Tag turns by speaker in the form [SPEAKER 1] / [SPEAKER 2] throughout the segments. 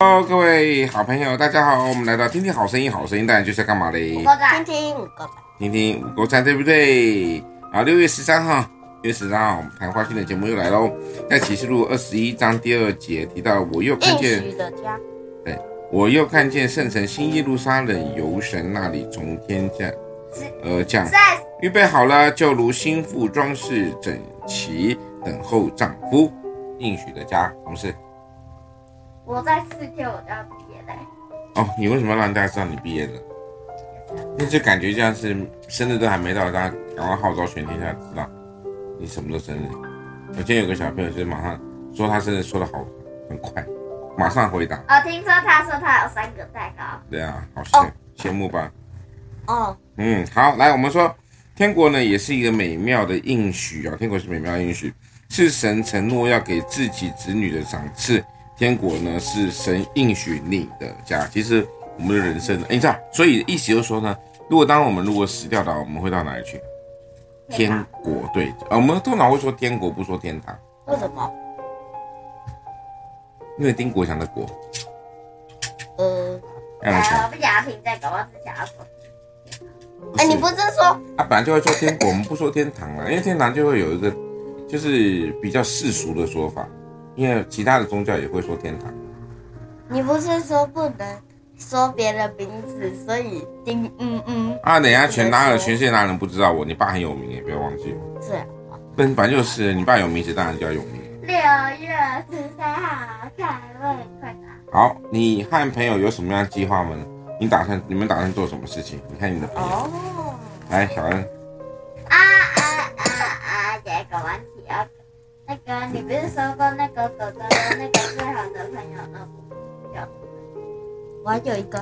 [SPEAKER 1] 哈嘍，各位好朋友，大家好，我們來到聽聽好聲音，好聲音，大家就是幹嘛嘞？聽聽五歌山，聽聽五國山，對不對？啊，六月十三號，六月十三號，我們談話性的節目又來嘍，在啟示錄二十一章第二節提到，我又看見，對，我又看見聖城新耶路撒冷，由神那裡從天降而降，預、嗯、備好了，就如新婦裝飾整齊，等候丈夫，應許的家，同時。我再四天我就要畢業嘞、欸！哦，你為什麼要讓大家知道你畢業呢？因為就感覺像是生日都還沒到，大家趕快號召全天下知道你什麼時候生日、嗯。我今天有個小朋友，就是馬上說他生日說得，說的好很快，馬上回答。哦，聽說他說他有三個蛋糕。對啊，好羨慕，羨、哦、慕吧？哦，嗯，好，來我們說，天國呢也是一個美妙的應許啊、哦。天國是美妙的應許，是神承諾要給自己子女的賞賜。天國呢是神應許你的家。其實我們的人生呢，哎，這樣，啊，所以意思就是說呢，如果當我們如果死掉的話，我們會到哪裡去？天，天國對，啊、嗯哦，我們通常會說天國，不說天堂。為什麼？因為丁國強的國。嗯、呃。哎，我不想阿平在搞阿想阿平。哎，欸，你不是說？他，啊、本來就會說天國， 我們不說天堂了，因為天堂就會有一個，就是比較世俗的說法。因為其他的宗教也會說天堂。你不是說不能說別的名字，所以丁嗯、嗯。啊，等一下全人，嗯，全世界大人不知道我，你爸很有名也不要忘記。是，啊。本本就是你爸有名字，當然就要有名。六月十三號，快問快答。好，你和朋友有什麼樣計劃嗎？你打算你們打算做什麼事情？你看你的朋友。哦。來，小恩。你不是說過那個狗狗的那個最好的朋友嗎？沒有咳咳，我還有一個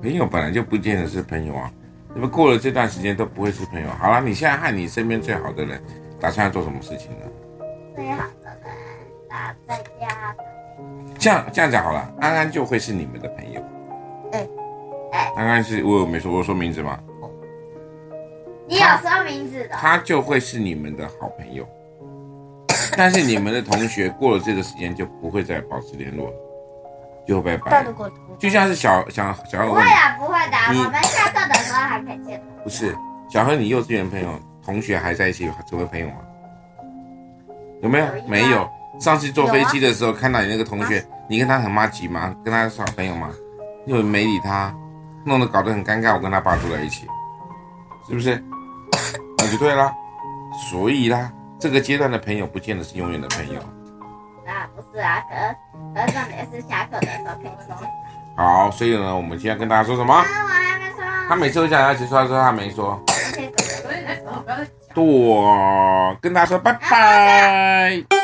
[SPEAKER 1] 朋友本來就不見得是朋友啊，那麼過了這段時間都不會是朋友。好了，你現在和你身邊最好的人打算要做什麼事情呢？最好的人打在家。這樣這樣講好了，安安就會是你們的朋友。嗯、欸欸，安安是，我有沒說我有說名字嗎？你有說名字的他，他就會是你們的好朋友。 但是你們的同學過了這個時間就不會再保持聯絡了，就拜拜。過頭。就像是小小小，和不會的，不會的，我們下課的時候還可以見。不是，想和你幼稚園朋友同學還在一起成為朋友嗎？有沒有？沒有。上次坐飛機的時候看到你那個同學，你跟他很麻吉嗎？跟他是好朋友嗎？又沒理他，弄得搞得很尷尬。我跟他爸住在一起，是不是？那就對了，所以啦。這個階段的朋友不見得是永遠的朋友。啊，不是啊，二二上也是下課的時候可以說好，所以呢，我們今天跟他說什麼？我沒說。他每次都講他結束，他說，他沒說，他，沒說，他，沒說他沒說。對，跟他說拜拜。啊